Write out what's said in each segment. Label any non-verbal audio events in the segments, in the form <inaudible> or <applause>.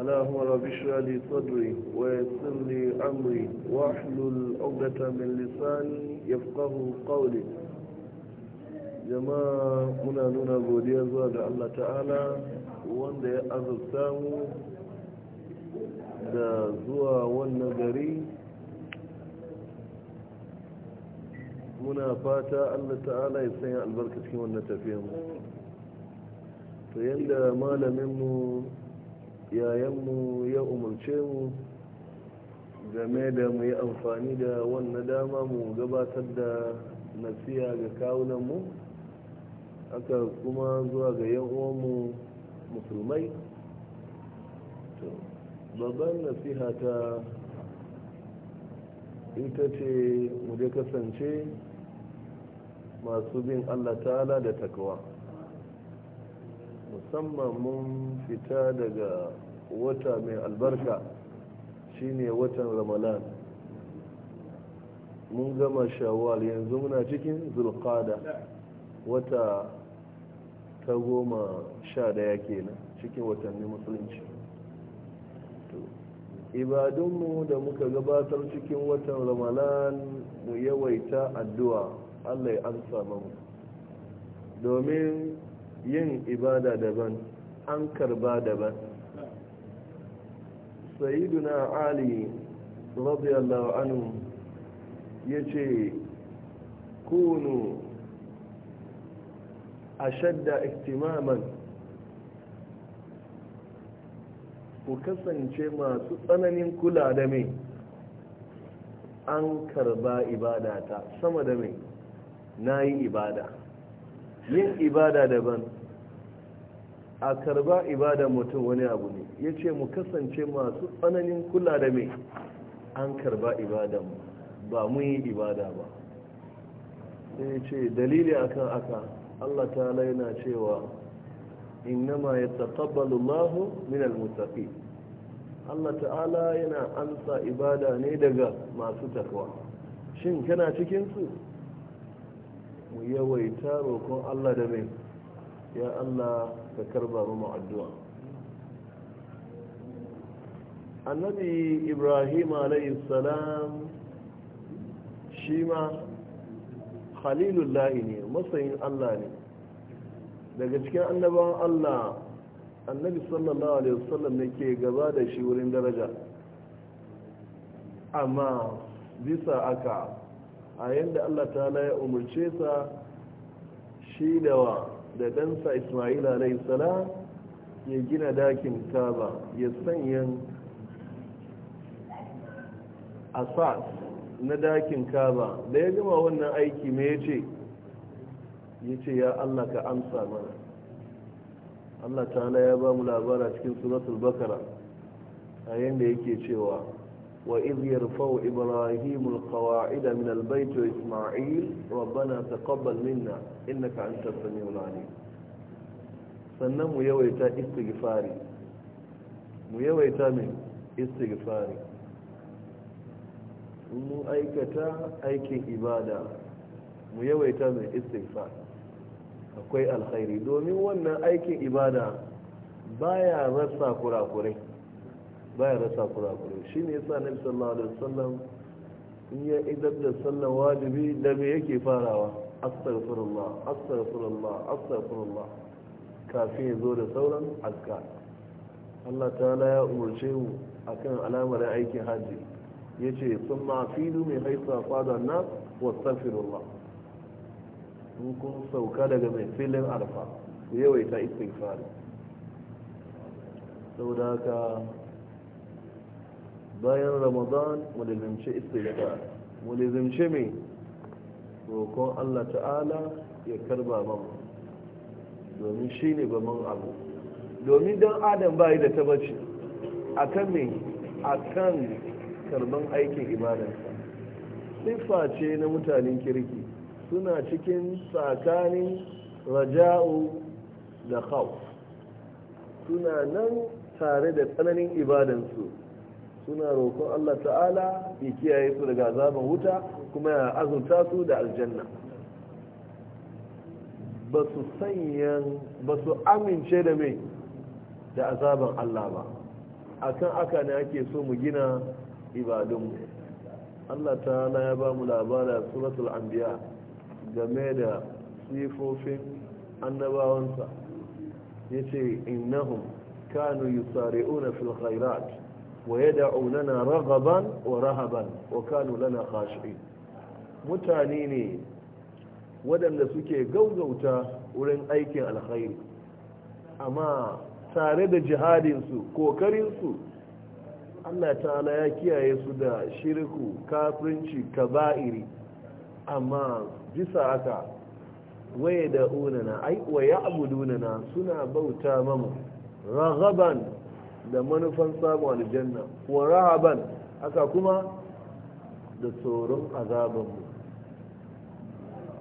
اللهم رب اشرح لي صدري ويسر لي امري واحلل عقدة من لساني يفقه قولي jama'a muna nuna godiya zuwa ga Allah ta'ala wanda ya azurta mu da zuwa wannan gari muna fata Allah ta'ala ya sanya albarka cikin wannan tafiya mu to yanda malamin mu yayanmu ya umarce mu game da mu yi amfani da wannan dama mu gabatar da nasiya ga kawunanmu aka kuma zuwa ga uwanmu musulmai babban nasiha ta ita ce mu da kasance masu bin allah ta'ala da takawa musamman mun fita daga wata mai albarka shine watan ramalan mun gama shawar yanzu muna cikin zulqada wata ta goma sha daya kenan cikin watannin musulunci ibadunmu da muka gabatar cikin watan ramadan mu yawaita addu'a allah ya amsa mamu domin yin ibada daban an karba daban sayiduna ali radiyallahu anhu ya ce kunu ashadda ihtimaman ku kasance masu tsananin kula da mai an karba ibadata sama da mai na yi ibada yin ibada daban a karba ibada mutum wani abu ne ya ce mu kasance masu tsananin kula da mai an karba mu ba mu yi ibada ba sai ya ce dalili akan aka Allah ta yana cewa innama ya taƙabbalu lahu min mutafi Allah ta'ala yana amsa ibada ne daga masu takwa shin kana cikinsu mu yawaita roƙon Allah da mai ya Allah ka karba mu addu'a annabi ibrahim alayhi salam shi ma khalilullahi ne masayin Allah ne daga cikin annabawan Allah annabi sallallahu alaihi wasallam ne ke gaba da shi wurin daraja amma bisa aka a yadda Allah ta ya umarce sa shi da wa da ɗansa ismail alaihissalam ya gina dakin kaba ya sanya asas na dakin kaba da ya gama wannan aiki mai ya ce ya ce ya allah ka amsa mana allah ta'ala ya ba mu labara cikin suratul bakara a yadda yake cewa وإذ يرفع إبراهيم القواعد من البيت وإسماعيل ربنا تقبل منا إنك أنت السميع العليم sannan mu yawaita istighfari mu yawaita min istighfari mu aikata aikin ibada mu yawaita min istighfari akwai alkhairi domin wannan aikin ibada baya rasa kurakurai baya rasa kurakurai shi ne yasa nabi sallallahu alaihi wasallam in ya idar da sallan wajibi da me yake farawa astaghfirullah astaghfirullah astaghfirullah kafin ya zo da sauran aska. Allah ta'ala ya umarce mu akan alamar aikin haji yace summa afidu min haythu fada nas wastaghfirullah in kun sauka daga mai filin arfa ku yawaita istighfar saboda haka bayan ramadan mulizimce istighfar mulizimce mai rokon allah ta'ala ya karba mu. domin shi ne man abu domin don adam bayi da tabbaci a kan mai a kan karban aikin ibadansa siffa ce na mutanen kirki suna cikin tsakanin raja'u da khawf suna nan tare da tsananin ibadansu suna roƙon Allah ta'ala ya kiyaye su daga azaban wuta kuma ya azurta su da aljanna ba su sanyan ba su amince da mai da azaban Allah ba akan aka ne ake so mu gina ibadunmu Allah ta'ala ya ba mu labara suratul anbiya game da sifofin annabawansa yace innahum kanu yusari'una fil khairat ويدعو لنا رغبا ورهبا وكانوا لنا خاشعين mutane ne waɗanda suke gaugauta wurin aikin alkhairi amma tare da jihadinsu kokarinsu allah ta'ala ya kiyaye su da shirku kafinci kaba'iri amma bisa aka waye da unana ai wa ya abudunana suna bauta mamu ragaban da manufan samun aljanna wa rahaban haka kuma da tsoron azabanmu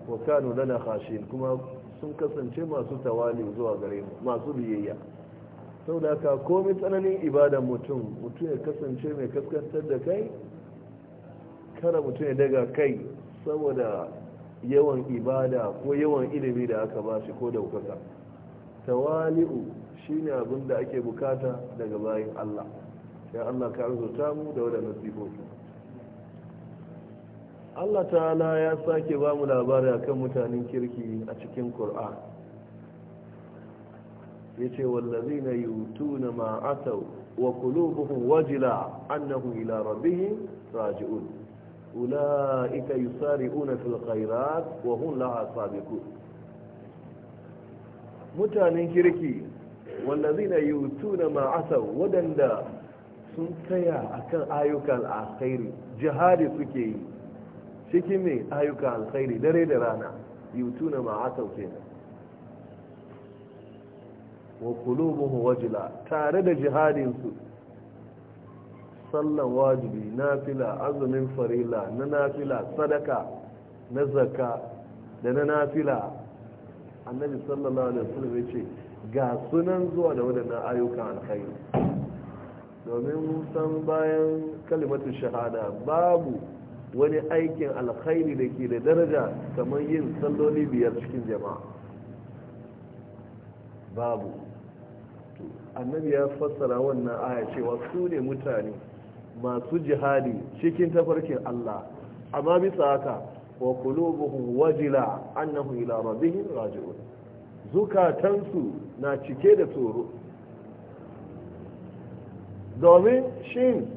wa kanu lana khashin kuma sun kasance masu tawali zuwa gare mu masu biyayya sau da komai tsananin ibadan mutum mutum ya kasance mai kaskantar da kai kada mutum ya daga kai saboda yawan ibada ko yawan ilimi da aka ba shi ko daukaka tawali'u shine abin da ake bukata daga bayan Allah Sai Allah ka ta mu da wadannan sifofi Allah ta'ala ya sake ba mu labari akan mutanen kirki a cikin Qur'an yace wallazina yutuna ma ataw wa qulubuhum wajila annahu ila rabbihim raji'un ulaika yusari'una fil khairat wa hum laha sabiqun mutanen kirki wallazina yutuna ma asaw wadanda sun tsaya akan ayyukan alkhairi jihadi suke yi cikin mai ayyukan alkhairi dare da rana yutuna ma asaw kenan wa qulubuhu wajila tare da jihadin su sallan wajibi nafila azumin farila na nafila sadaka na zakka da na nafila annabi sallallahu alaihi wasallam ya ce ga sunan zuwa da wadannan ayyukan alkhairi domin san bayan kalimatu shahada babu wani aikin alkhairi da ke da daraja kamar yin salloli biyar cikin jama'a babu annabi ya fassara wannan aya cewa su ne mutane masu jihadi cikin tafarkin Allah amma bisa haka wa kulubuhum wajila annahum ila rabbihim raji'un zukatansu na cike da tsoro domin shin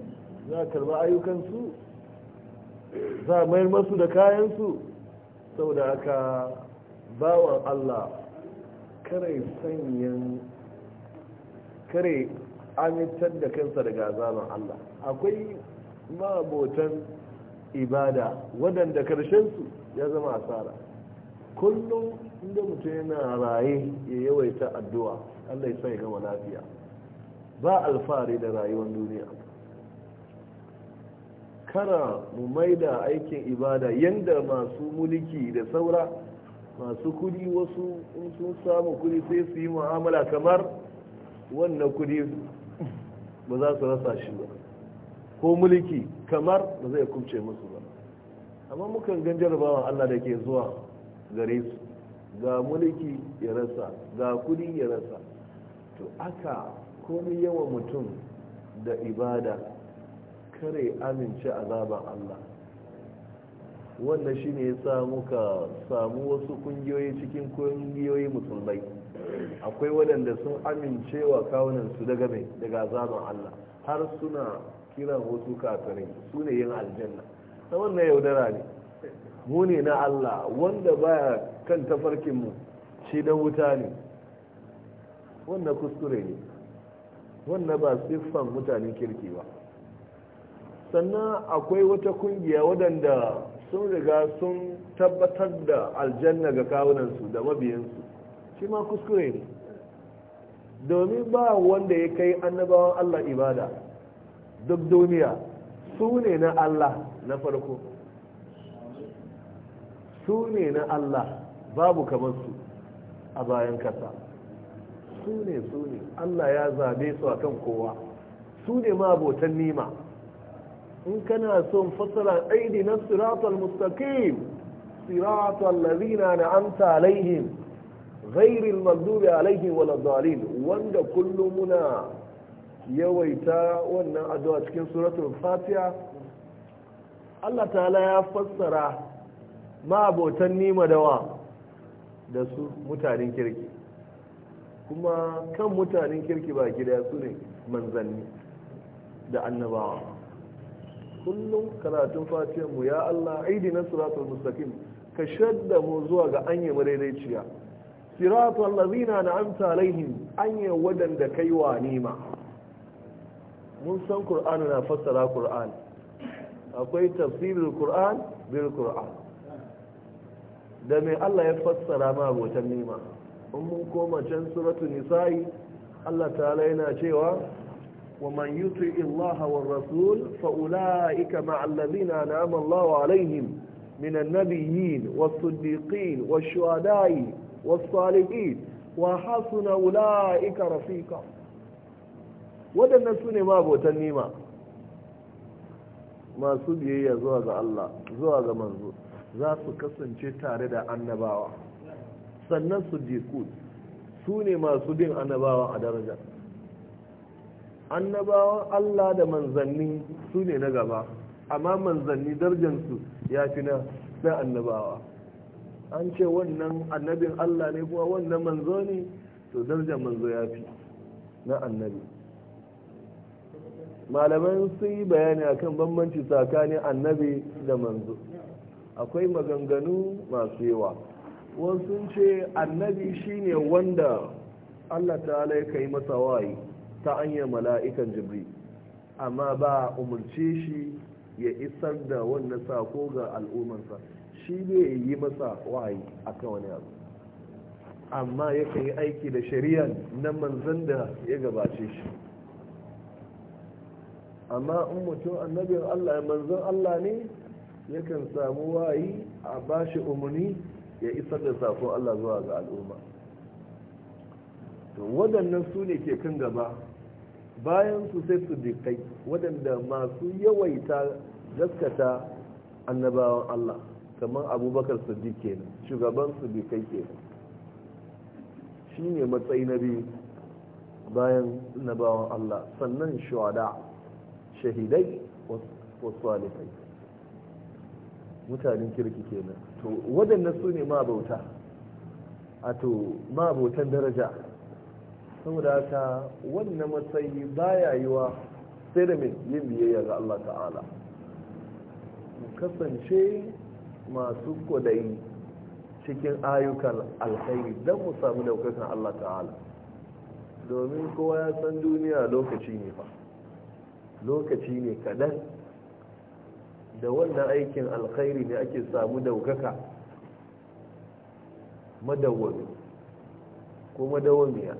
za karba ayyukansu za a mayar masu da kayansu saboda aka bawan Allah kare sanyan kare amintar da kansa daga azaban Allah akwai mabotan ibada waɗanda su ya zama asara kullum inda mutum yana raye ya yawaita addu'a allah ya gama lafiya ba alfahari da rayuwar duniya kara mu maida aikin ibada yadda masu mulki da saura masu kudi wasu in sun samu kudi sai su yi mu'amala kamar wannan kudi ba za su rasa shi ba ko mulki kamar ba zai kubce musu ba amma mukan gan jarabawa allah da ke zuwa gare su ga mulki ya rasa ga kudi ya rasa to aka komi yawa mutum da ibada kare amince azaban Allah wannan shi ne ya sa muka samu wasu kungiyoyi cikin kungiyoyi musulmai akwai waɗanda sun amincewa kawunansu daga mai daga azaban Allah har suna kiran wasu kafirai su ne yin aljanna ta wannan yaudara ne mu ne na Allah wanda baya kan tafarkinmu shi da wuta ne wannan kuskure ne wannan ba siffan mutanen kirki ba sannan akwai wata kungiya waɗanda sun riga sun tabbatar da aljanna ga kawunansu da mabiyansu shi ma kuskure ne domin ba wanda ya kai annabawan Allah ibada duk duniya su ne na Allah na farko su ne na Allah babu kamar su a bayan kasa su ne su ne Allah ya zabe su akan kowa su ne ma abotan nima in kana son fasara aidi na siratul mustaqim siratul ladina na'amta alaihim ghairil maghdubi alaihim waladdallin wanda kullum muna yawaita wannan addu'a cikin suratul fatiha Allah ta'ala ya fassara ma'abotan nima dawa da su mutanen kirki kuma kan mutanen kirki ba gida su ne manzanni da annabawa kullum karatun mu ya Allah aidi na siratul mustaqim ka shadda mu zuwa ga anya madaidaiciya siratul lazina na'amta alaihim anya wadanda kai wa nima mun san qur'ani na fasara Kur'an. akwai tafsirul Kur'an, bil qur'an da mai Allah ya fassara ma abotan nima in mun koma can suratu nisa'i Allah ta'ala yana cewa wa man yuti illaha rasul fa ulaika ma allazina an'ama Allahu alaihim min an-nabiyyin was-siddiqin wash-shuhada'i was-salihin wa hasuna ulaika rafiqa wadannan sune ma abotan nima masu biyayya zuwa ga Allah zuwa ga manzo za su kasance tare da annabawa sannan su jikud su ne masu bin annabawa a daraja annabawa Allah da manzanni su ne na gaba amma manzanni darajansu ya fi na na annabawa an ce wannan annabin Allah ne kuma wannan manzo ne to darjan manzo ya fi na annabi malaman sun yi bayani akan bambanci tsakanin annabi da manzo akwai maganganu masu yawa wasu ce annabi shine wanda allah Ta ya kai masa wayi ta hanyar mala'ikan jibri. amma ba umarce shi ya isar da wannan sako ga al'ummarsa shi ne yi masa wahayi a wani abu amma yakan yi aiki da shari'a na manzan da ya gabace shi amma in mutum annabin allah ya manzan allah ne yakan samu wayi a bashi umarni ya isar da safo Allah zuwa ga al'umma to waɗannan su ne ke kan gaba bayan su sai su dikai waɗanda masu yawaita gaskata annabawan Allah kamar abubakar siddiq kenan shugaban su ke kenan shine matsayi na biyu bayan annabawan Allah sannan shuhada shahidai wasu salihai mutanen kirki kenan to waɗannan su ne mabauta a to mabautan daraja saboda haka wannan matsayi baya yiwa sai da mai yin biyayya ga Allah ta'ala kasance masu kwadayi cikin ayyukan alkhairi don mu samu daukakan Allah ta'ala domin kowa ya san duniya lokaci ne fa lokaci ne kadan da wannan aikin alkhairi ne ake samu daukaka madawwami ko madawwamiya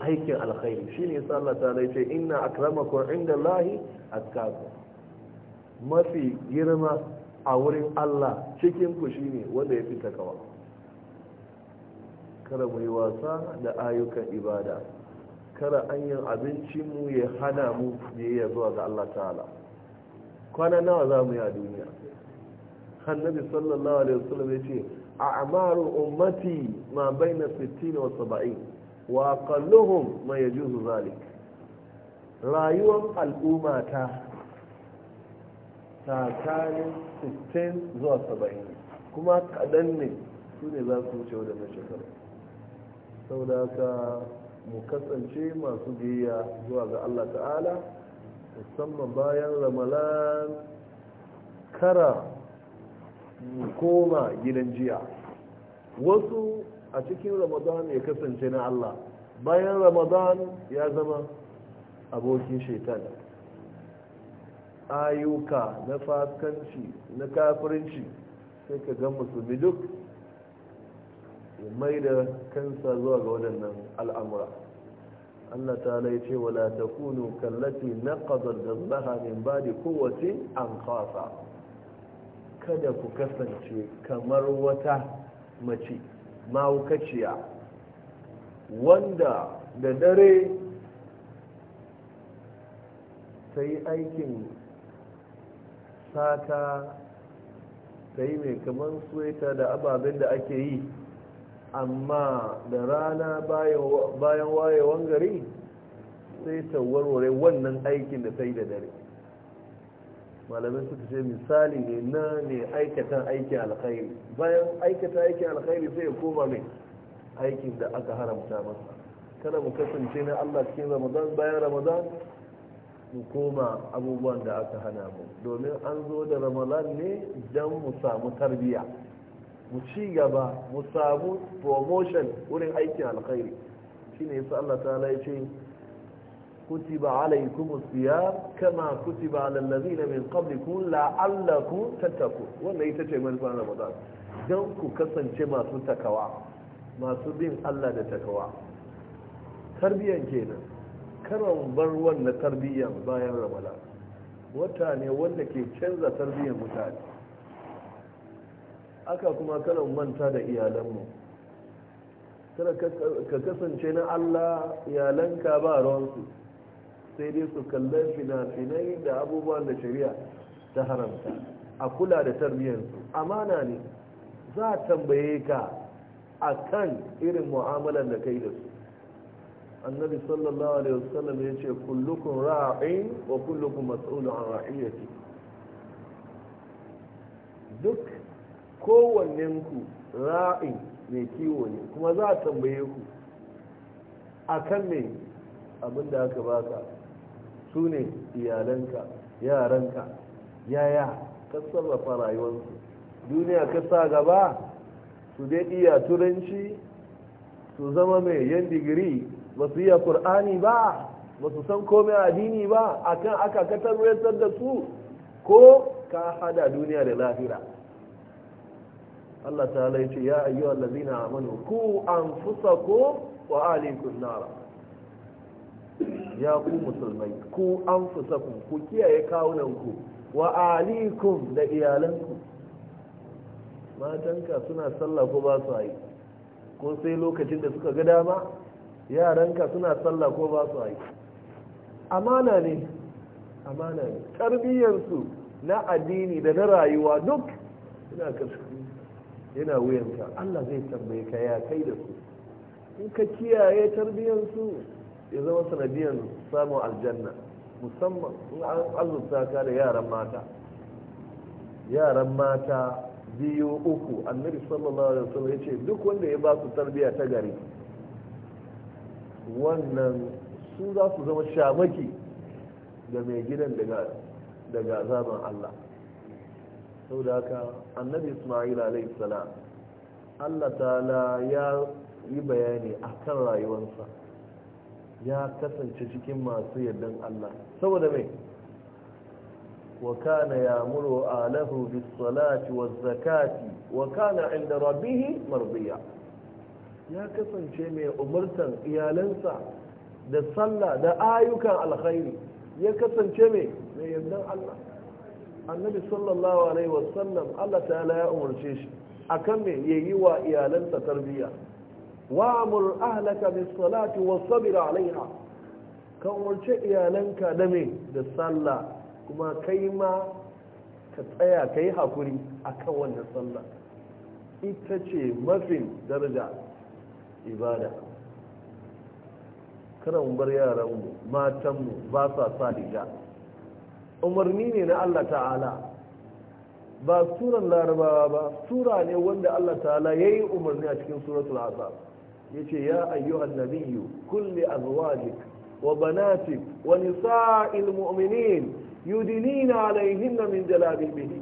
aikin alkhairi shine yasa Allah ta ce inna akramakum lahi atqakum mafi girma a wurin Allah cikin ku ne wanda ya fi takawa kara mu wasa da ayyukan ibada kada anyan abincinmu ya hana mu ya zuwa ga Allah ta'ala kwana nawa za mu yi a duniya annabi sallallahu alaihi wasallam ya ce a amaru ummati ma baina 60 wa 70 wa aqalluhum ma yajuzu zalik rayuwar al'umma ta tsakanin sittin zuwa saba'in kuma kaɗan ne su ne za su wuce wadannan shekaru saboda haka mu kasance masu biyayya zuwa ga Allah ta'ala musamman bayan ramalan kara koma gidan jiya wasu a cikin ramadan ya kasance na allah bayan ramadan ya zama abokin shaitan ayuka na faskanci na kafirinci sai ka gan musulmi duk ya mai da kansa zuwa ga waɗannan al'amura Allah ta lai ce wala takunu kallati naqadat gazbaha min ba'di kowace an kada ku kasance kamar wata mace mawukaciya wanda da dare ta yi aikin sata ta yi mai kamar suwaita da ababen da ake yi amma da rana bayan wayewan gari sai ta warware wannan aikin da ta yi da dare malamai suka ce misali ne na ne aikatan aikin alkhairi bayan aikata aikin alkhairi sai ya koma mai aikin da aka haramta masa kada mu kasance na allah cikin ramadan bayan ramadan mu koma abubuwan da aka hana mu domin an zo da ramadan ne don mu samu tarbiyya mu ci gaba mu samu promotion wurin aikin alkhairi shi ne yasa Allah ta'ala ya ce kutiba alaikum siyam kama kutiba alal ladina min qablikum la'allaku tattaku wannan ita ce na mazan dan ku kasance masu takawa masu bin Allah da takawa tarbiyan kenan karon bar wannan tarbiyan bayan Ramadan wata ne wanda ke canza tarbiyan mutane aka kuma kana manta da iyalanmu kada ka kasance na Allah iyalanka ba ruwansu sai dai su kallon fina-finai da abubuwan da shari'a ta haramta a kula da tarbiyyarsu amana ne za a tambaye ka a kan irin mu'amalar da kai da su annabi sallallahu alaihi wasallam ya ce kullukun ra'in wa kullukun mas'ulun an ra'iyyati duk ku ra'in mai kiwo ne kuma za a tambaye ku a kan ne abin da aka baka su ne iyalanka yaranka yaya ka sarrafa rayuwarsu duniya ka sa gaba su dai iya turanci su zama mai yan digiri ba su iya kur'ani ba ba su san komai addini ba akan aka katar da su ko ka hada duniya da lahira Allah ta halaye ce ya ayyuwa lazina manu ku an fusa ko wa alikun nara ya ku musulmai ku an fusa ku ku kiyaye kawunanku wa alikun da iyalanku matanka suna sallah ko ba su haiku ko sai lokacin da suka ga dama yaranka suna sallah ko ba su haiku amana ne amana ne tarbiyyarsu na addini da na rayuwa duk suna kasu yana wuyanka allah zai tambaye ka ya kai da su in ka kiyaye tarbiyyansu ya zama sanadiyar samun aljanna musamman in an azurta ka da yaran mata yaran mata biyu uku annabi sallallahu alaihi wasallam ya ce duk wanda ya ba su tarbiyya ta gari wannan su za su zama shamaki da mai gidan daga zaman allah sau da haka annabi ismail sala allah la ya yi bayani a kan rayuwarsa ya kasance cikin masu yardan allah saboda mai wa kana ya muro alahu bisalati wa zakati wa kana inda rabihi ya kasance mai umartan iyalansa da sallah da ayyukan alkhairi ya kasance mai yardan allah annabi sallallahu alaihi wasallam Allah ta'ala ya umarce shi akan me yayi wa iyalansa tarbiyya wa amur ahlaka bis salati wasbir alaiha ka umarce iyalanka da me da sallah kuma kai ma ka tsaya kai hakuri akan wannan sallah ita ce mafin daraja ibada kada mu bar yaranmu matanmu ba sa sa riga umarni ne na Allah ta'ala ba suran larabawa ba sura ne wanda Allah ta'ala ya yi umarni a cikin suratul azab ya ce ya ayyuhan nabiyyu kulli azwajik wa banatik wa nisa'il mu'minin yudinina alaihinna min jalabibihi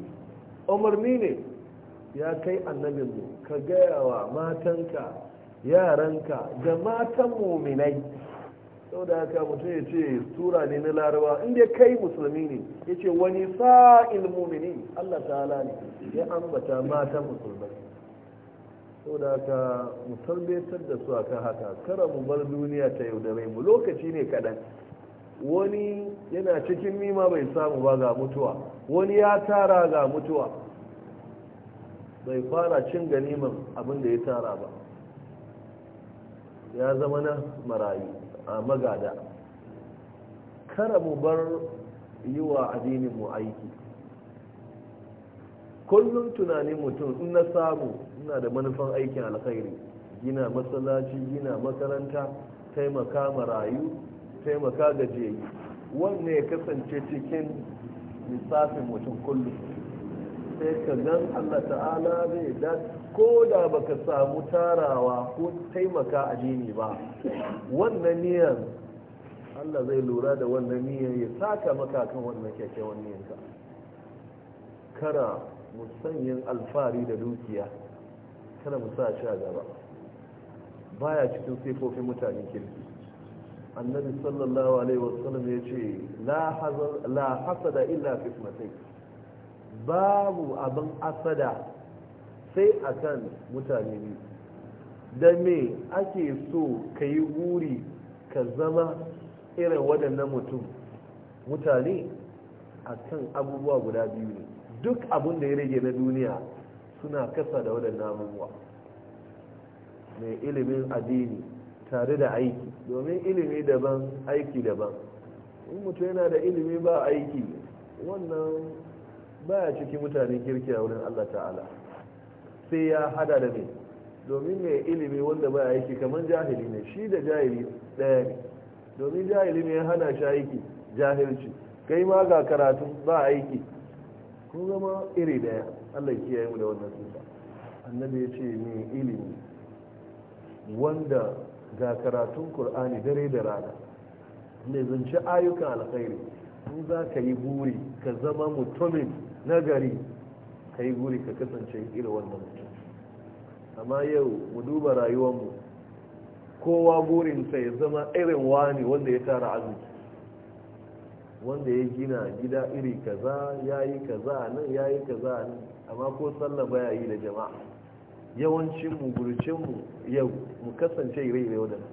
umarni ne ya kai annabinmu ka gaya wa matanka yaranka da matan muminai saboda haka mutum ya ce tura ne na laraba inda kai musulmi ne ya ce wani sa'il mumini Allah ta'ala ne ya ambata mata musulmai saboda haka mu tarbetar da su akan haka kara mu bar duniya ta rai mu lokaci ne kaɗan wani yana cikin nima bai samu ba ga mutuwa wani ya tara ga mutuwa bai fara cin ganiman abin da ya tara ba ya zama na marayu a magada kada mu bar yi wa addinin mu aiki kullum tunanin mutum in na samu ina da manufan aikin alkhairi gina masallaci gina makaranta taimaka marayu taimaka gajiyayyu wanne ya kasance cikin lissafin mutum kullum sai ka gan allah ta'ala zai dace ko da baka samu tarawa ko taimaka a ba wannan niyan Allah zai lura da wannan niyan ya saka maka kan wannan kyakkyawan ka kara musanyin alfari da dukiya kada mu sa gaba baya cikin sifofin mutane kirki annabi sallallahu alaihi wasallam ya ce la hasada illa fitnatai babu abin asada sai a kan mutane ne da me ake so ka yi guri ka zama irin waɗannan mutum mutane a kan abubuwa guda biyu ne duk abin da ya rage na duniya suna kasa da waɗannan abubuwa mai ilimin addini tare da aiki domin ilimi daban aiki daban in mutum yana da ilimi ba aiki wannan baya ciki mutane kirki a wurin allah ta'ala sai ya hada da mai domin mai ilimi wanda ba aiki kamar jahili ne shi da jahili ɗaya ne domin jahili ne ya hana shi aiki jahilci kai ma ga karatu ba aiki kun zama iri ɗaya allah kiyaye mu da wannan tsufa annabi ya ce mai ilimi wanda ga karatun Kur'ani dare da rana ne zance ayyukan alkhairi in za ka yi buri ka zama mutumin nagari ka yi guri ka kasance irin wannan mutum amma yau mu duba rayuwarmu kowa burinsa ya zama irin wani wanda ya tara azuki. wanda ya gina gida iri kaza ya yi kaza nan ya yi kaza nan amma ko sallah baya yi da jama'a yawancinmu gurcinmu yau mu kasance ire-ire wadanda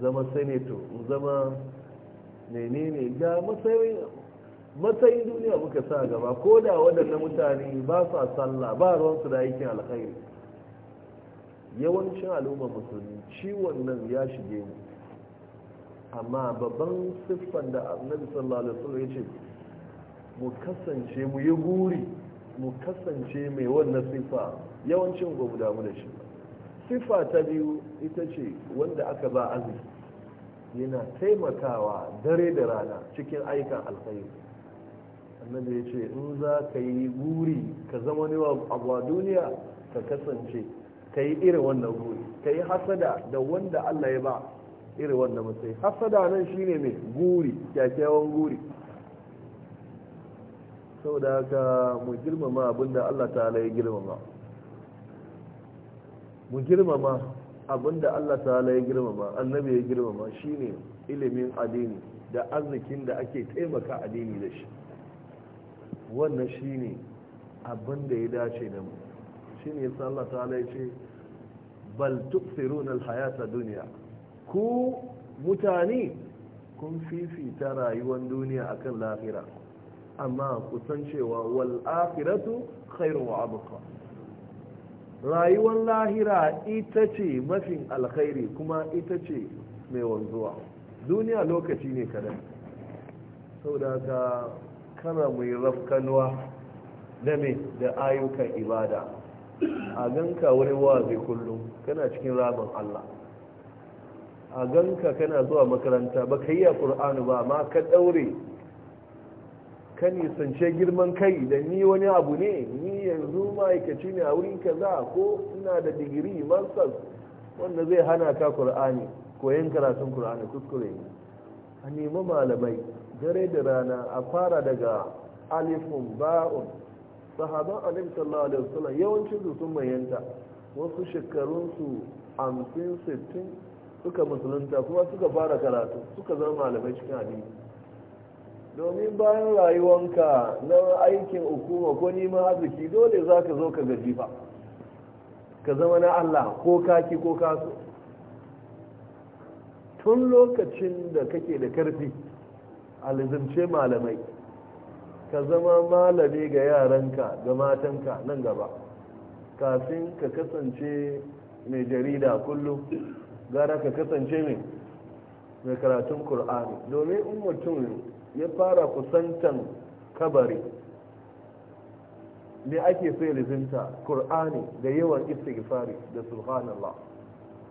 zama senator zama menene ga matsayin matsayin duniya muka sa gaba ko da waɗanda mutane ba sa sallah ba ruwansu da aikin alkhairi yawancin al'ummar musulmi ciwon nan ya shige mu amma babban siffar da annabi sallallahu alaihi wasallam ya ce mu kasance mu yi guri mu kasance mai wannan siffa yawancin gobe damu da shi siffa ta biyu ita ce wanda aka ba azumi yana taimakawa dare da rana cikin aikan alkhairi annabi ya ce in za ka yi guri ka zama ne wa a duniya ka kasance ka yi irin wannan guri ka yi hasada da wanda allah ya ba irin wannan matsayi hasada nan shine mai guri kyakkyawan guri sau da haka mu girmama abinda allah ta ya girmama mu girmama abinda allah ta ya girmama annabi ya girmama shine ilimin adini da arzikin da ake taimaka adini da shi wannan shine abin da ya dace da mu shine yasa Allah ta'ala ce bal tuksiruna alhayata duniya ku mutane kun fifita rayuwar duniya akan lahira amma kusancewa cewa wal akhiratu khairu wa abuka rayuwar lahira ita ce mafin alkhairi kuma ita ce mai wanzuwa duniya lokaci ne kadan da ka. kana mai rafkanuwa da mai da ayyukan ibada a ganka wani wazi kullum kana cikin rabin Allah a ganka kana zuwa makaranta ba ka yi a ƙur'anu ba ma ka ɗaure ka nisance girman kai da ni wani abu ne ni yanzu ma'aikaci ne a wuri kaza ko ina da digiri masters wanda zai hana ka ƙur'ani koyon karatun ƙur'ani kuskure ne a nemi malamai dare da rana a fara daga alifun ba'un sahaban alim sallallahu alaihi wasallam yawancin su sun mayanta wasu shekarunsu 50 sittin suka musulunta kuma suka fara karatu suka zama malamai cikin hadisi domin bayan rayuwanka na aikin hukuma ko neman arziki dole za ka zo ka gaji ba ka zama na allah ko kaki ko kaso tun lokacin da kake da karfi alizimce malamai ka zama malami ga yaranka ga matanka nan gaba kafin ka kasance mai jarida kullum gara ka kasance mai mai karatun Kur'ani. domin in mutum ya fara kusantan kabari ne ake sai lizinta Kur'ani da yawan istighfari da subhanallah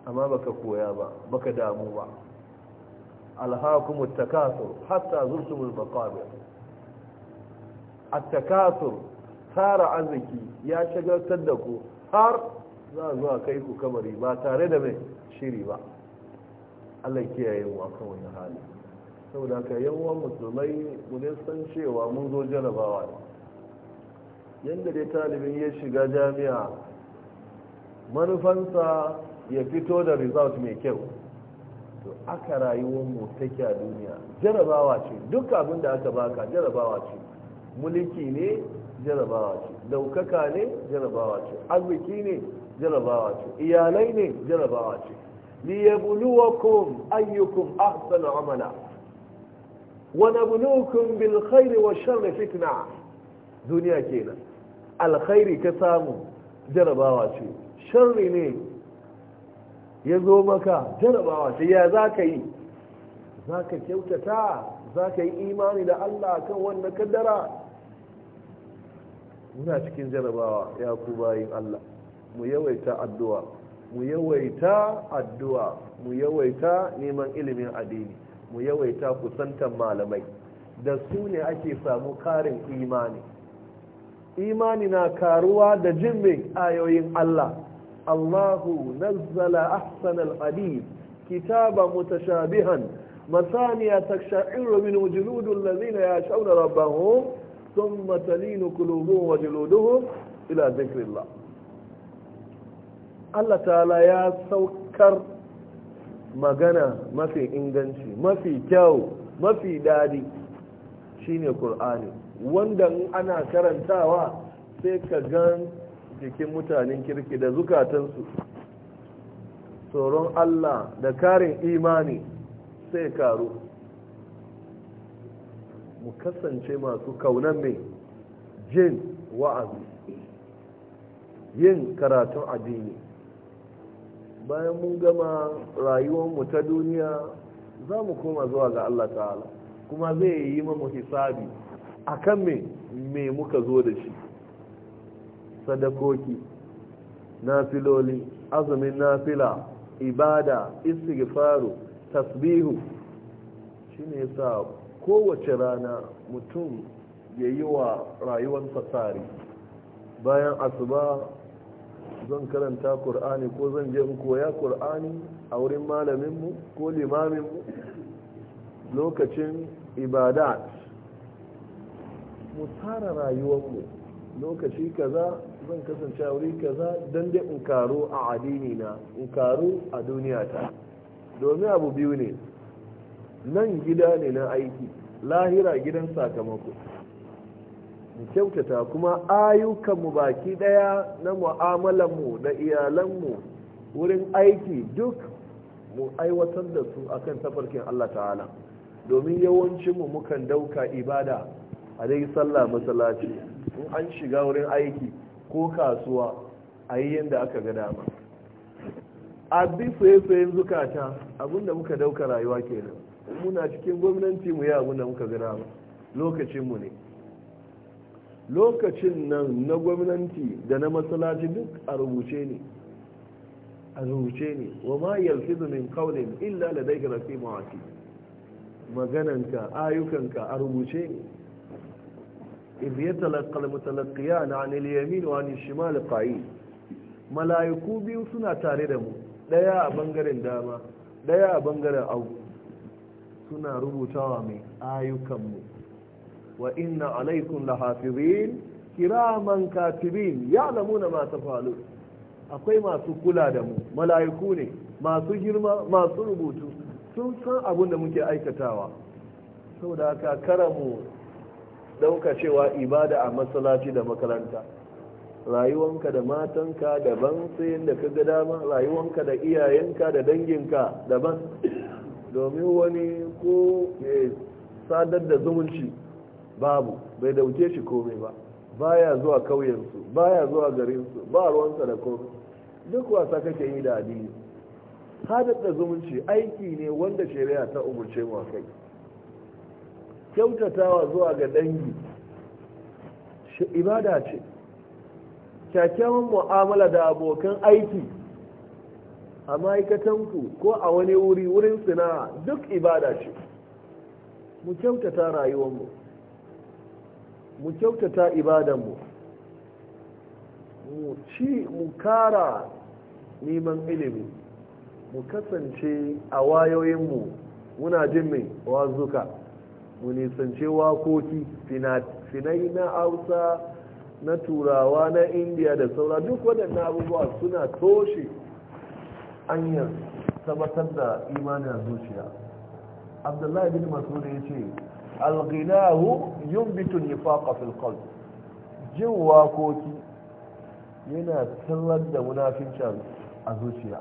amma baka koya ba baka damu ba alhaakum at-takathur hatta zurtum al-maqabir at-takathur tara arziki ya shagaltar da ku har za zuwa kai ku kabari ba tare da mai shiri ba Allah kiyaye mu akan wannan hali saboda ka yawan musulmai mu ne san cewa mun zo jarabawa ne yanda dai talibin ya shiga jami'a manufansa ya fito da result mai kyau to aka rayuwar mu take a duniya jarabawa ce duk abin da aka baka jarabawa ce mulki ne jarabawa ce daukaka ne jarabawa ce arziki ne jarabawa ce iyalai ne jarabawa ce liyabluwakum ayyukum ahsanu amala wa nabluwakum bil khairi wa sharri fitna duniya kenan alkhairi ka samu jarabawa ce sharri ne ya zo maka jarabawa sai ya za ka yi za ka kyautata za ka yi imani da Allah kan wanda kaddara muna cikin jarabawa ya ku bayin Allah mu yawaita addu'a mu yawaita addu'a mu yawaita neman ilimin addini mu yawaita kusantar malamai da su ne ake samu karin imani imani na karuwa da jin mai ayoyin Allah الله نزل أحسن الحديث كتابا متشابها مثانية تقشعر منه جلود الذين يخشون ربهم ثم تلين قلوبهم وجلودهم إلى ذكر الله Allah ta'ala ya saukar magana mafi inganci mafi kyau mafi dadi shine Kur'ani wanda ana karantawa sai ka gan jikin mutanen kirki da zukatansu tsoron Allah da karin imani sai karu mu kasance masu kaunan mai jin wa'azi yin karatun addini bayan mun gama rayuwarmu ta duniya za mu koma zuwa ga Allah ta'ala kuma zai yi mamu hisabi a kan me muka zo da shi sadakoki nafiloli azumin nafila ibada istighfaru tasbihu shine yasa kowace rana mutum ya yi wa rayuwar fasari bayan asuba zan karanta Kur'ani ko zan je in koya Kur'ani a wurin malaminmu ko limaminmu lokacin ibadat mu tsara rayuwarmu lokaci kaza zan kasance a wuri kaza don dai in karo a adini na in karo a duniya ta domin abu biyu ne nan gida ne na aiki lahira gidan sakamako mu kyautata kuma ayyukanmu baki daya na mu'amalanmu da iyalanmu wurin aiki duk mu aiwatar da su akan tafarkin Allah ta'ala domin yawancinmu mukan dauka ibada a dai sallah masallaci in an shiga wurin aiki ko kasuwa a yi yadda aka ga dama a bi soye zukata abinda muka dauka rayuwa kenan muna cikin gwamnati mu yi abinda muka ga dama lokacinmu ne lokacin nan na gwamnati da na matsalaci duk a rubuce ne a rubuce ne wa ma yalfi min kaunin illa da ladayka raqibun mawaki magananka ayyukanka a rubuce ne idh yatalaqqa al-mutalaqqiyani 'an al-yamin wa 'an al-shimal qa'id mala'iku biyu suna tare da mu daya a bangaren dama daya a bangaren hagu suna rubutawa mai ayyukan mu wa inna alaikum lahafizin kiraman katibin ya'lamuna ma tafalun akwai masu kula da mu mala'iku ne masu girma masu rubutu sun san abin da muke aikatawa saboda haka karamu dauka cewa ibada a masallaci da makaranta rayuwanka da matanka daban sai da ka ga dama rayuwanka da iyayenka da danginka daban domin wani ko sadar da zumunci babu bai dauke shi komai ba baya zuwa kauyensu baya zuwa garinsu ba ruwansa da komai duk wasa kake yi da addini sadar da zumunci aiki ne wanda shari'a ta umurce mu kai kyautatawa zuwa ga dangi ibada ce kyakkyawan mu'amala da abokan aiki a ma'aikatanku ko a wani wuri wurin sana'a duk ibada ce mu kyautata rayuwanmu mu kyautata ibadanmu mu ci mu kara neman ilimi mu kasance a wayoyinmu muna jin mai wazuka mu wakoki finai na hausa na turawa na indiya da saura duk waɗannan abubuwa suna toshe hanyar tabbatar da imanin zuciya abdullahi bin masud ya ce alghinahu yunbitu nifaqa fil qalb jin wakoki yana tallar da munafinci a zuciya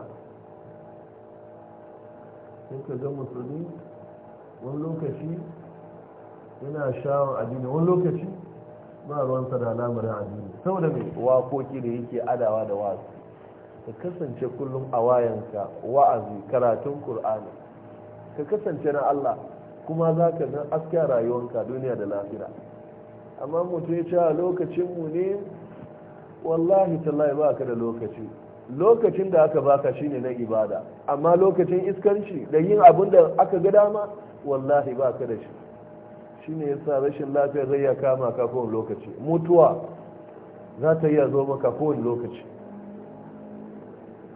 sai ka ga musulmi wani lokaci yana shawon addini wani lokaci ba ruwansa da lamarin addini da mai wakoki da yake adawa da wasu ka kasance kullum a wayanka wa'azi karatun Kur'ani. ka kasance na Allah kuma za ka zan aska rayuwanka duniya da lafiya amma mutum ya ce lokacinmu ne wallahi tallahi ba ka da lokaci lokacin da aka baka shine na ibada amma lokacin iskanci da yin abin da aka ga dama wallahi ba ka da shi shine yasa rashin lafiya zai ya kama ka kowane lokaci mutuwa za ta iya zo maka kowane lokaci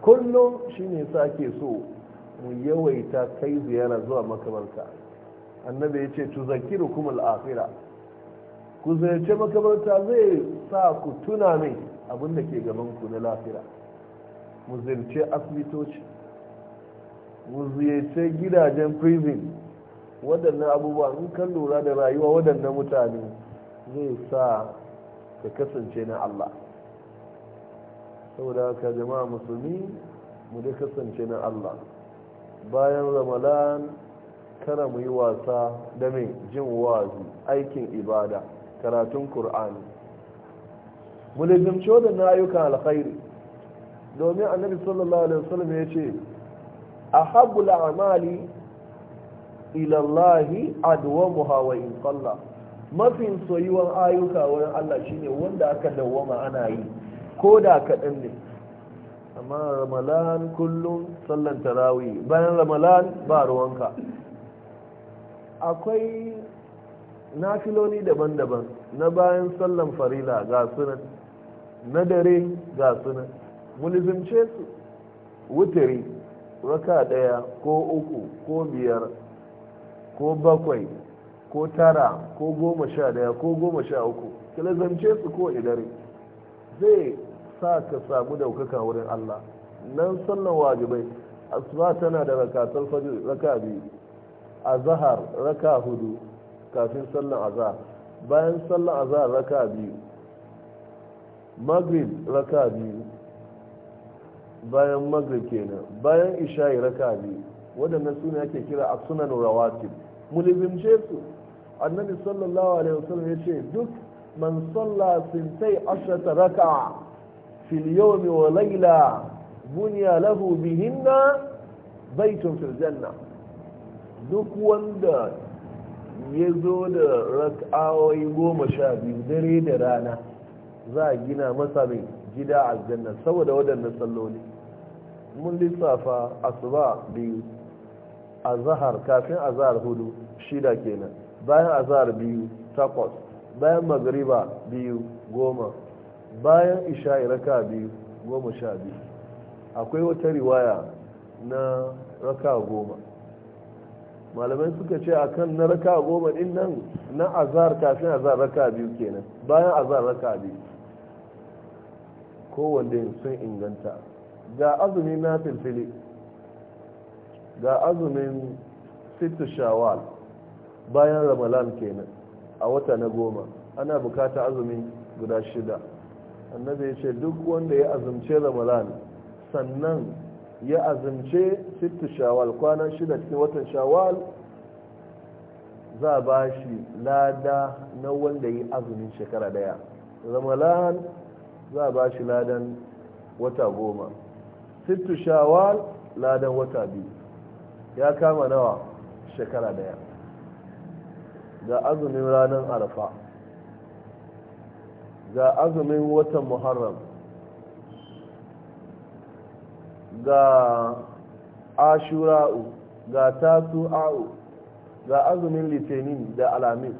kullum shine sa ke so mu yawaita kai ziyara zuwa makabarta annabi ya ce tuzakiru kuma al'afira ku ziyarci makabarta zai sa ku tuna mai abin da ke gabanku na lafira mu ziyarci asibitoci mu ziyarci gidajen prison waɗannan abubuwa in kan lura da rayuwa waɗannan mutane zai sa ka kasance na Allah saboda ka jama'a musulmi mu dai kasance na Allah bayan ramadan kana mu yi wasa da mai jin wazi aikin ibada karatun Kur'ani. mu lizimci waɗannan ayyukan alkhairi domin annabi sallallahu alaihi wasallam ya ce a ahabbul a'mali ilallahi adwamuha wa in qalla mafin soyuwan ayyuka wurin Allah shine wanda aka dawwama ana yi ko da kaɗan ne amma ramalan kullum sallan tarawih bayan ramalan ba ruwanka akwai nafiloni daban-daban na bayan sallan farila ga sunan na dare ga sunan mulzimce su wutari raka daya ko uku ko biyar ko bakwai ko tara ko goma sha daya ko goma sha uku kilazance su ko dare zai sa ka samu daukaka wurin Allah nan sallan wajibai asuba tana da rakatar fajr raka biyu azhar raka hudu kafin sallan azhar bayan sallan azhar raka biyu maghrib raka biyu bayan maghrib kenan bayan isha'i raka biyu waɗannan suna ake kira a sunan rawatib mulzimce su annabi sallallahu alaihi wasallam ya ce duk man salla sintai ashrata raka'a fil yawmi wa layla bunya lahu bihinna baitun fil janna duk wanda ya zo da raka'o'i goma sha biyu dare da rana za a gina masa mai gida a janna saboda waɗannan salloli mun lissafa asuba biyu a zahar kafin a zahar hudu shida kenan bayan azar biyu takwas bayan magariba biyu goma bayan isha'i raka biyu goma sha biyu akwai wata riwaya na raka goma malamai suka ce a kan na raka goma din nan na azar kafin azar raka biyu kenan bayan azar raka biyu kowanne sun inganta ga azumin na filfili ga azumin situ shawal bayan ramadan kenan a wata na goma ana bukata azumi guda shida annabi ya ce duk wanda ya azumce ramadan sannan ya azumce sittu shawal kwanan shida cikin watan shawal za ba shi lada na wanda ya azumin shekara daya ramalan za ba shi ladan wata goma sittu shawal ladan wata biyu ya kama nawa shekara daya ga azumin ranar arafa ga azumin watan muharram ga ashura'u ga tasu'a'u ga azumin litinin da alamis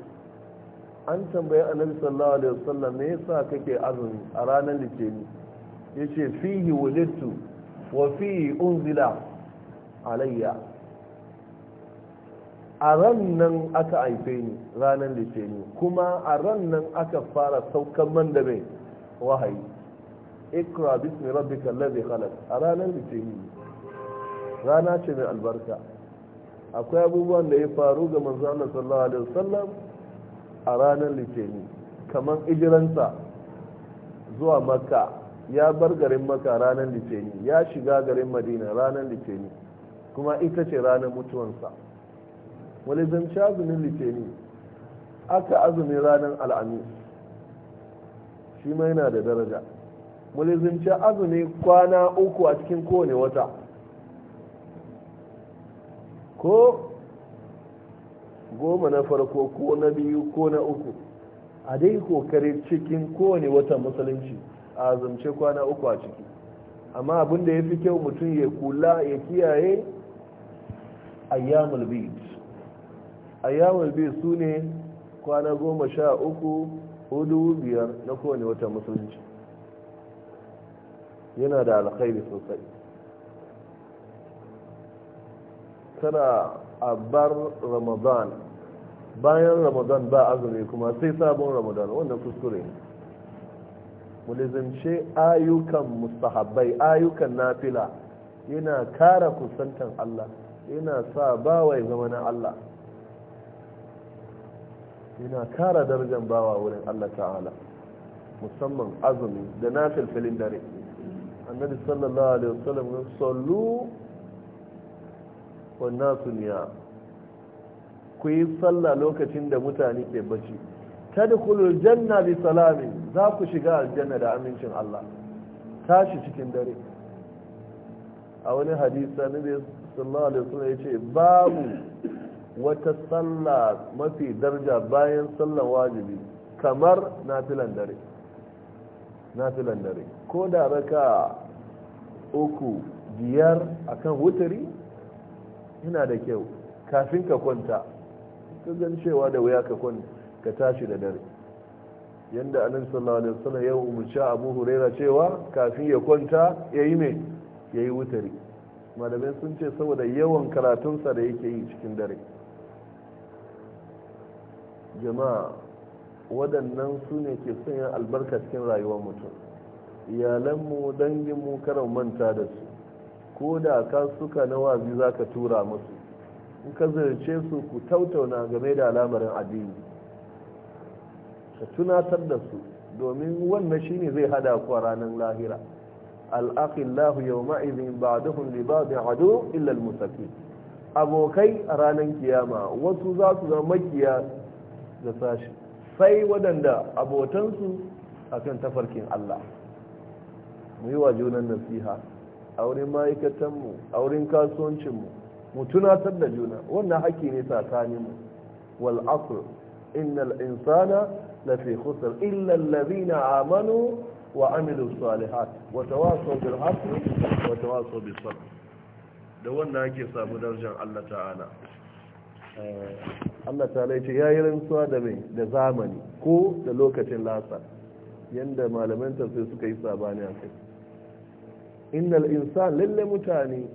an tambayi annabi sallallahu alaihi wasallam me yasa kake azumi a ranar litinin yace fihi wulidtu wa fihi unzila alayya a ran nan aka haife ni ranar litini kuma a ran nan aka fara saukan man da mai wahayi ikra bismi rabbika allazi khalaq a ranar litini rana ce mai albarka akwai abubuwan da ya faru ga manzo Allah sallallahu alaihi wasallam a ranar litini kamar ijiransa zuwa makka ya bar garin makka ranar litini ya shiga garin madina ranar litini kuma ita ce ranar mutuwansa wani zanci azumin litini aka azumin ranar al'amis shi ma yana da daraja wani zanci azumi kwana uku a cikin kowane wata ko goma na farko ko na biyu ko na uku a dai kokari cikin kowane watan musulunci a zance kwana uku a ciki amma abin da ya fi kyau mutum ya kula ya kiyaye ayyamul biyu ayyawar biyu su ne kwana goma sha uku hudu biyar na kowane wata musulunci yana da alkhairi sosai tana abar ramadan bayan ramadan ba azumi kuma sai sabon ramadan wannan kuskure ne mulizance ayyukan mustahabbai ayyukan nafila yana kara kusantan allah yana sa bawai zama na allah yana kara darajar bawa wurin Allah ta'ala musamman azumi da na filfilin dare annabi sallallahu alaihi wasallam ya sallu nasu suniya ku yi sallah lokacin da mutane ke bacci tadkhulul janna bi salamin za ku shiga aljanna da amincin Allah tashi cikin dare a wani hadisi annabi sallallahu alaihi wasallam ya ce babu wata sallah mafi darja bayan sallah wajibi kamar na filan dare ko da raka uku biyar akan wutari yana da kyau kafin ka kwanta ka gan cewa da wuya ka kwanta ka tashi da dare yadda anan sallallahu alaihi wasallam ya umarci Abu Huraira cewa kafin ya kwanta ya yayi me yi wutari malamai sun ce saboda yawan karatunsa da yake yi cikin dare jama'a waɗannan su ne ke sanya albarka cikin rayuwar mutum iyalanmu danginmu karan manta da su ko da ka suka na wazi za ka tura musu in ka zarce su ku tautauna game da al'amarin addini ka tunatar da su domin wannan shine zai hada ku ranar lahira Al'akillahu yau ma'izin ba duhun libabin hadu illal musafi abokai a ranar kiyama wasu za su zama makiya da sashi sai waɗanda abotansu akan tafarkin Allah mu yi wa junan nasiha a wurin ma'aikatanmu a wurin kasuwancinmu mu tunatar da juna wannan haƙƙi ne tsakaninmu wal asr innal insana lafi khusr illa allazina amanu wa amilu salihat wa tawasaw bil haqqi wa tawasaw bis sabr da wannan ake samu darajar Allah ta'ala Allah ta laice ya yi rantsuwa da mai da zamani ko da lokacin lasa yadda malaman tafsir suka yi sabani a kai innal insan lalle mutane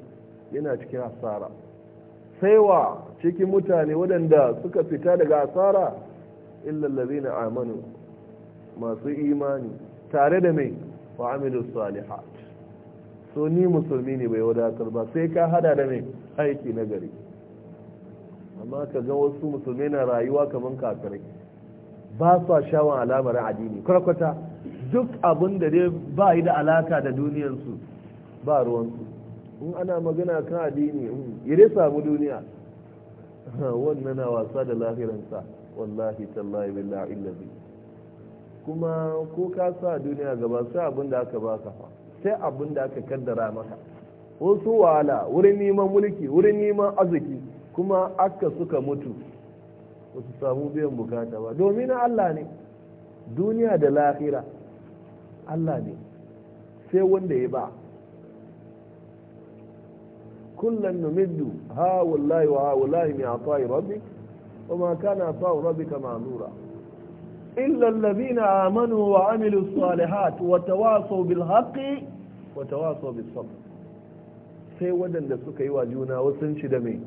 yana cikin asara sai wa cikin mutane waɗanda suka fita daga asara illallazi na amanu masu imani tare da mai wa amilu salihat so ni musulmi ne bai wadatar ba sai ka hada da mai aiki na gari amma ka ga wasu musulmai na rayuwa kamar kafirai ba sa shawon alamar addini kwakwata duk abin da dai ba yi da alaka da duniyarsu ba ruwansu in ana magana kan addini mm, ire samu duniya <laughs> wannan na wasa da lahiransa wallahi tallahi billahi illazi kuma ko ka sa duniya gaba sai abin da aka baka fa sai abin da aka kaddara maka wasu wahala wurin neman mulki wurin neman arziki kuma aka suka mutu ba su samu biyan bukata ba domin Allah ne duniya da lahira Allah ne sai wanda ya ba kullum numiddu ha wallahi wa ha wallahi mai atayi rabbi wa ma kana atayi rabbi kama nura salihat الذين آمنوا bil الصالحات وتواصوا بالحق وتواصوا بالصبر sai waɗanda suka yi wa juna wasu ci da mai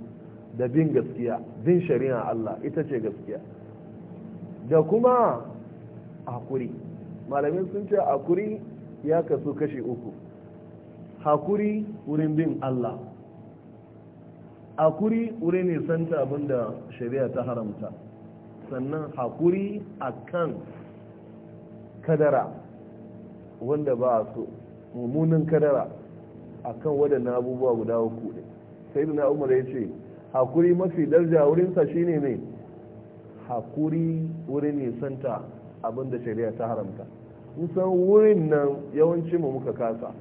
da bin gaskiya bin shari'a Allah ita ce gaskiya da kuma hakuri malamin sun ce hakuri ya kasu kashi uku hakuri wurin bin Allah hakuri wurin nisanta da shari'a ta haramta sannan hakuri akan kadara wanda ba so mummunan kadara akan waɗannan abubuwa guda uku ne sai da na umar ya ce hakuri mafi darja wurinsa shine mai hakuri wurin nisanta abinda shari'a ta haramta kusan wurin nan yawanci mu muka kasa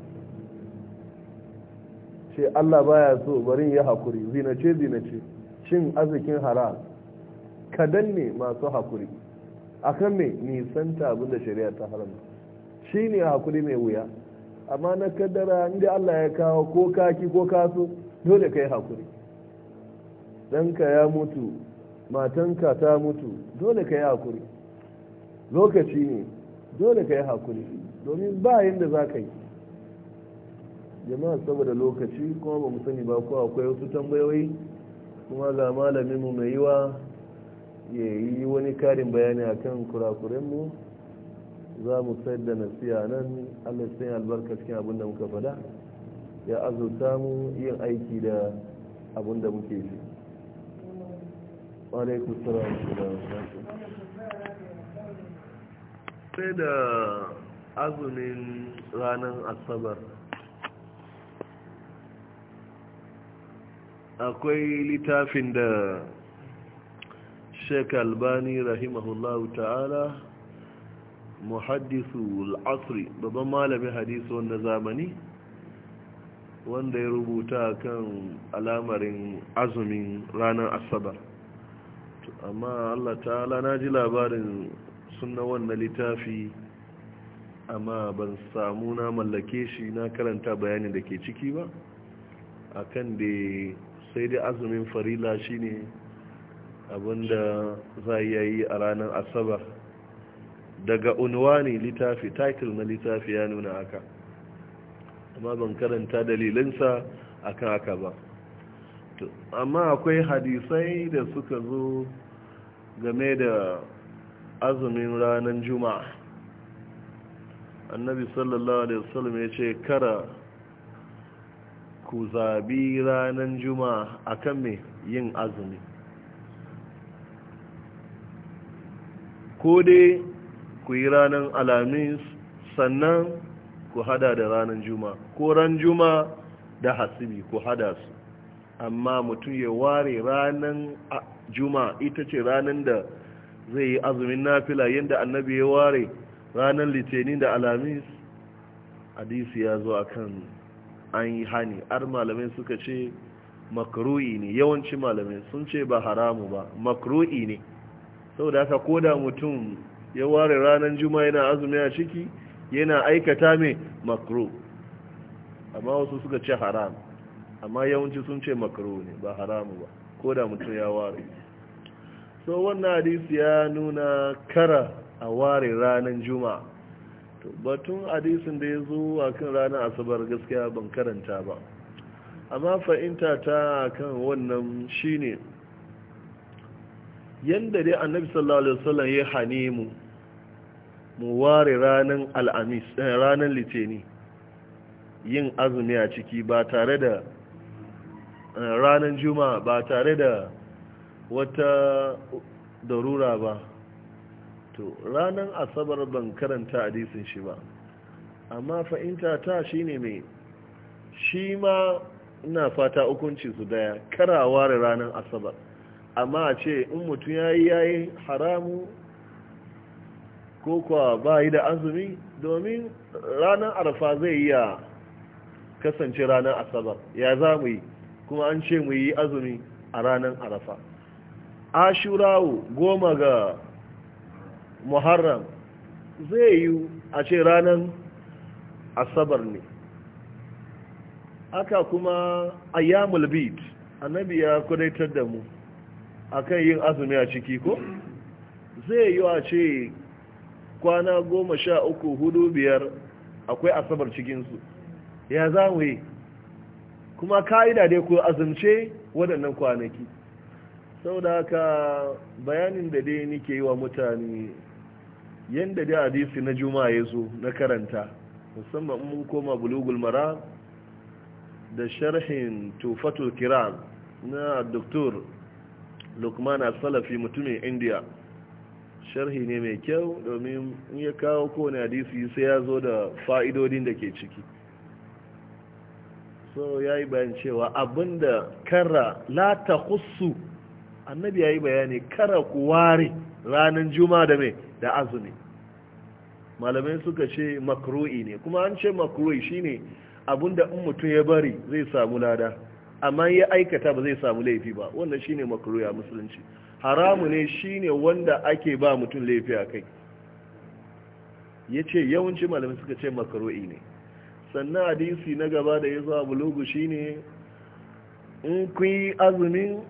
ce Allah baya so barin ya hakuri zinace zinace cin azikin haram kadan ne masu hakuri akan me nisanta abinda shari'a ta haramta shine hakuri mai wuya amma na kaddara inda Allah ya kawo ko kaki ko kaso dole kai hakuri ɗanka ya mutu matanka ta mutu dole ka yi hakuri lokaci ne dole ka yi hakuri domin ba yadda za ka yi jama'a saboda lokaci kuma ba mu sani ba ko akwai wasu tambayoyi kuma ga malaminmu mai yiwa ya yi wani karin bayani akan kan mu za mu sayar da nasiya nan allah sai albarka cikin abin da muka fada ya azurta mu yin aiki da abin da muke shi salam sai da azumin ranar asabar akwai littafin da sheik albani rahimahullahu ta'ala muhaddisu al'asri babban malamin hadisi wanda zamani wanda ya rubuta kan alamarin azumin ranar asabar amma allah ta'ala na ji labarin suna wannan littafi amma ban samu na mallake shi na karanta bayanin da ke ciki ba kan da sai dai azumin farila shine abinda za a yi a ranar Asaba. daga unuwa ne littafi title na littafi ya nuna haka amma ban karanta dalilinsa akan haka ba amma akwai hadisai da suka zo game da azumin ranar juma'a annabi sallallahu alaihi wasallam ya ce kara ku zabi ranar juma'a akan mai yin azumi ko dai ku yi ranar alamis sannan ku hada da ranar juma'a ko ran juma'a da hasibi ku hada su amma mutum ya ware ranar juma ita ce ranar da zai yi azumin na nafila yadda annabi ya ware ranar litinin da alamis hadisi ya zo akan an yi hani ar malamai suka ce makaru'i ne yawanci malamai sun ce ba haramu ba makaru'i ne saboda haka koda mutum ya ware ranar juma yana azumi a ciki yana aikata mai makaru amma wasu suka ce haramu amma yawanci sun ce makaru ne ba haramu ba ko da mutum ya ware so wannan hadisi ya nuna kara a ware ranar juma'a batun hadisin da ya zo a kan ranar asabar gaskiya ban karanta ba amma fahimta ta kan wannan shine yadda dai annabi sallallahu alaihi wasallam ya hane mu mu ware ranar al'amis eh, ranar litini yin azumi a ciki ba tare da ranar juma'a ba tare da wata darura ba to ranar asabar ban karanta hadisin shi ba amma fa'inta ta shi ne mai shi ma ina fata hukunci su daya karawa da ranar asabar amma a ce in mutum ya yi yayi haramu ko kwa ba yi da azumi domin ranar arfa zai iya kasance ranar asabar ya za mu yi kuma an ce mu yi azumi a ranar arafa ashurawo goma ga muharram zai yi a ce ranar asabar ne aka kuma ayyamul bid annabi ya kudaitar da mu akan yin azumi a ciki ko zai yi a ce kwana goma sha uku hudu biyar akwai asabar cikinsu ya za mu yi kuma ka'ida dai ku azumce waɗannan kwanaki sau da haka bayanin da dai nike yi wa mutane yadda dai hadisi na juma'a ya zo na karanta musamman mun koma bulugul mara da sharhin tufatul kiran na doktor lukman salafi mutumin india sharhi ne mai kyau domin in ya kawo kowane hadisi sai ya zo da fa'idodin da ke ciki so ya yi bayan cewa abinda kara la ta husu annabi ya yi bayani kara ku ware ranar juma da mai da azumi malamai suka ce makroi ne kuma an ce makru'i shine abinda in mutum ya bari zai samu lada amma ya aikata ba zai samu laifi ba wannan shine makru'i a musulunci haramu ne shine wanda ake ba mutum laifi a kai ya ce yawanci malamai suka ce makru'i ne sannan hadisi na gaba da ya zuwa bulugu shine in ku yi azumin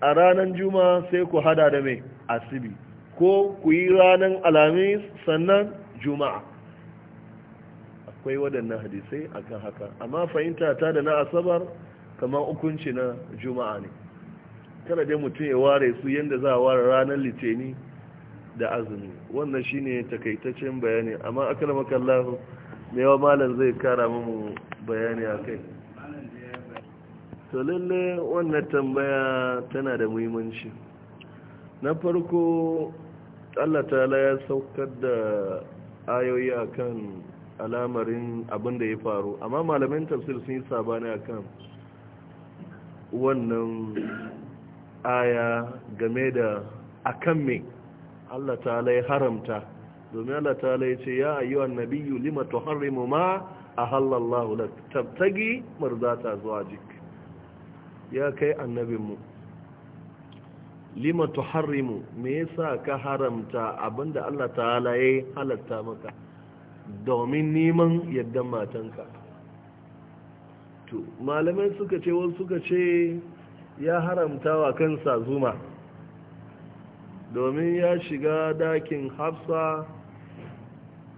a ranar juma sai ku hada da mai asibi ko ku yi ranar alamis sannan juma'a akwai waɗannan hadisai akan haka amma fahimta ta da na asabar kamar hukunci na juma'a ne kada dai mutum ya ware su yadda za a ware ranar litini da azumi wannan shine takaitaccen bayani amma akala makallahu da yawa malam zai kara mamu bayani a kai tolele wannan tambaya tana da muhimmanci na farko allah Ta ya saukar da ayoyi akan alamarin abin da ya faru amma malamin tafsir sun yi sabani akan wannan aya game da akan mai, allah Ta ya haramta domin Allah ta ya ce ya ayyuhan nabiyu lima harimu ma a ahallallahu lak tabtagi marzata jik. ya kai annabinmu lima harimu me yasa ka haramta abinda Allah ta'ala ya halatta maka domin neman yadda matanka to malamai suka ce wasu suka ce ya haramta wa kansa zuma domin ya shiga dakin hafsa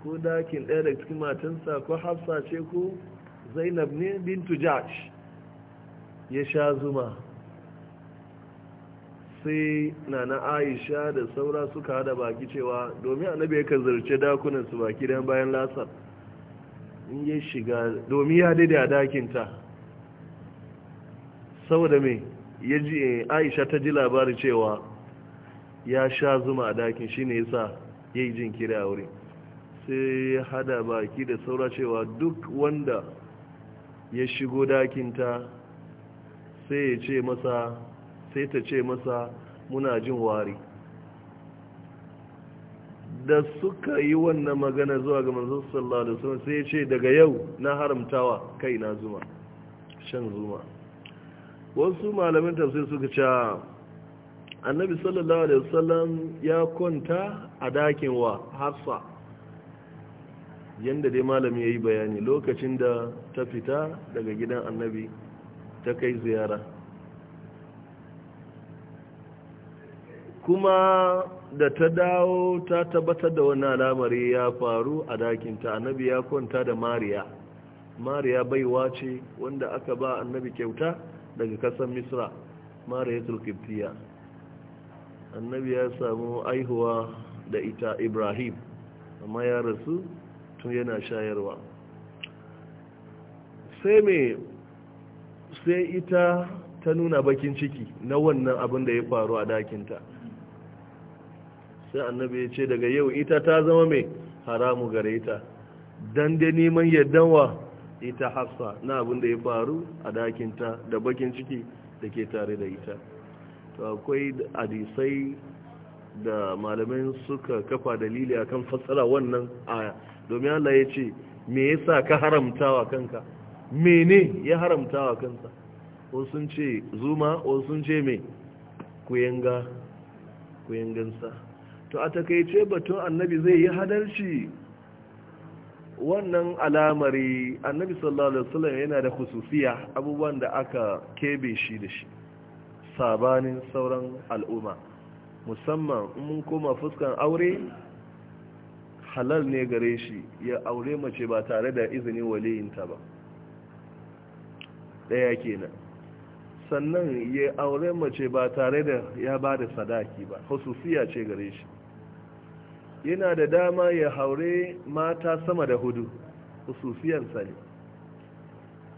ko dakin ɗaya da cikin matansa ko hafsa ce ko zainab ne bintu Jaj. ya sha zuma sai na na aisha da saura suka hada baki cewa domin annabi ya zarce dakunan su baki dan bayan lasar in ya shiga domin ya daidai a dakinta saboda me ya ji aisha ta ji labarin cewa ya sha zuma a dakin shine yasa yayi jinkiri a wurin sai ya hada baki da saura cewa duk wanda ya shigo dakinta sai ya ce masa sai ta ce masa muna jin wari da suka yi wannan magana zuwa ga manzon sallallahu alaihi wasallam sai ya ce daga yau na haramtawa kai na zuma shan zuma wasu malamin tafsir suka ce annabi sallallahu alaihi wasallam ya kwanta a dakin wa hafsa yadda dai malam ya yi bayani lokacin da ta fita daga gidan annabi ta kai ziyara kuma da ta dawo ta tabbatar da wani alamari ya faru a dakinta annabi ya kwanta da mariya mariya baiwa ce wanda aka ba annabi kyauta daga kasar misra mariya annabi ya samu aihuwa da ita ibrahim amma ya rasu tun yana shayarwa sai mai sai ita ta nuna bakin ciki na wannan abin da ya faru a dakinta sai annabi ya ce daga yau ita ta zama mai haramu gare ta don da neman ita hafsa na abin da ya faru a dakinta da bakin ciki da ke tare da ita to akwai hadisai da malamai suka kafa dalili akan fassara wannan aya domin Allah ya ce me yasa ka haramta wa kanka mene ya haramta wa kansa wasu sun ce zuma wasu sun ce me kuyanga kuyangansa to a takaice batun annabi zai yi hadarci wannan alamari annabi sallallahu alaihi wasallam yana da khususiya abubuwan da aka kebe shi da shi sabanin sauran al'umma musamman mun koma fuskan aure halal ne gare shi ya aure mace ba tare da izinin waliyinta ba ɗaya kenan sannan ya aure mace ba tare da ya ba da sadaki ba hususiya ce gare shi yana da dama ya haure mata sama da hudu hususiyansa Sani.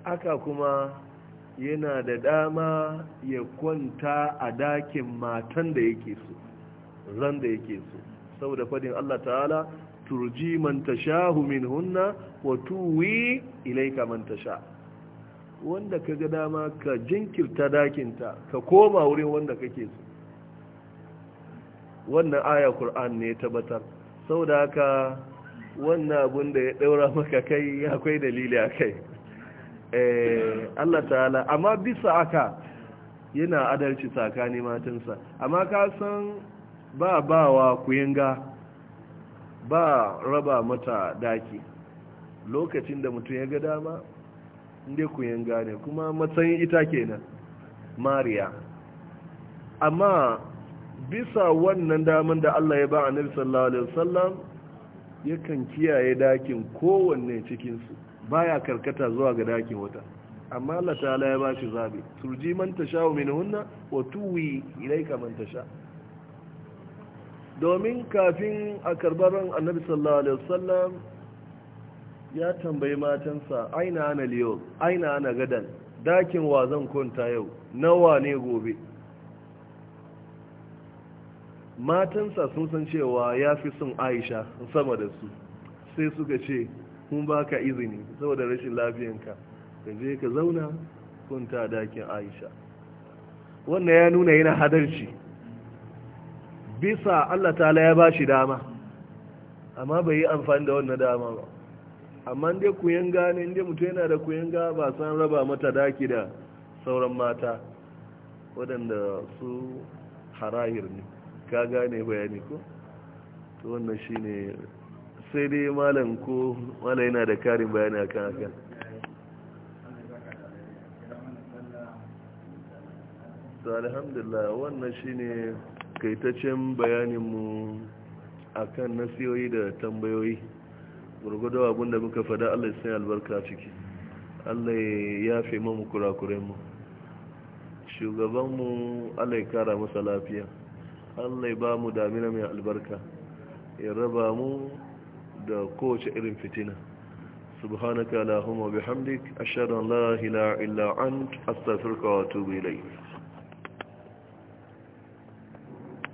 aka kuma yana da dama ya kwanta a dakin matan da yake so zan da yake so saboda fadin Allah ta'ala turji man tashahu hunna, wa tuwi ilaika man tasha wanda ka ga dama ka jinkirta dakinta ka koma wurin wanda kake so wannan aya Qur'an ne ya tabbatar saboda haka wannan abun da ya ɗaura maka kai akwai dalili akai eh Allah ta'ala amma bisa aka yana adalci tsakanin matansa amma ka san ba bawa kuyinga ba raba mata daki lokacin da mutum ya ga dama inda ku yin gane kuma matsayin ita kenan mariya amma bisa wannan damar da Allah ya ba a nabi sallallahu alaihi wasallam yakan kiyaye dakin kowanne cikinsu baya karkata zuwa ga dakin wata amma Allah ta'ala ya ba shi zabi turji man tasha minhunna wa tuwi ilayka man tasha' domin kafin a karbar annabi sallallahu alaihi wasallam ya tambayi matansa aina ana liyo aina ana gadan dakin wa zan kwanta yau nawa ne gobe matansa sun san cewa ya fi son aisha sama da su sai suka ce mun ba ka izini saboda rashin lafiyanka ka je ka zauna kwanta dakin aisha wannan ya nuna yana hadarci bisa Allah ta ya ba shi dama amma bai yi amfani da wannan dama ba amma dai kuyan gane inda mutu yana da kuyan ga ba san raba mata daki da sauran mata waɗanda su harahir ne ka gane bayani ko to wannan ne sai dai malam ko malam yana da karin bayani akan haka to alhamdulillah wannan ne takaitaccen bayaninmu a kan nasiyoyi da tambayoyi gurgudu abun da muka fada allah ya sanya albarka ciki allah ya fi mamu kurakurenmu shugabanmu allah ya kara masa lafiya allah ya ba mu damina mai albarka ya raba mu da kowace irin fitina subhanaka lahumma bihamdik ashhadu an la ilaha illa an astaghfiruka wa atubu ilayk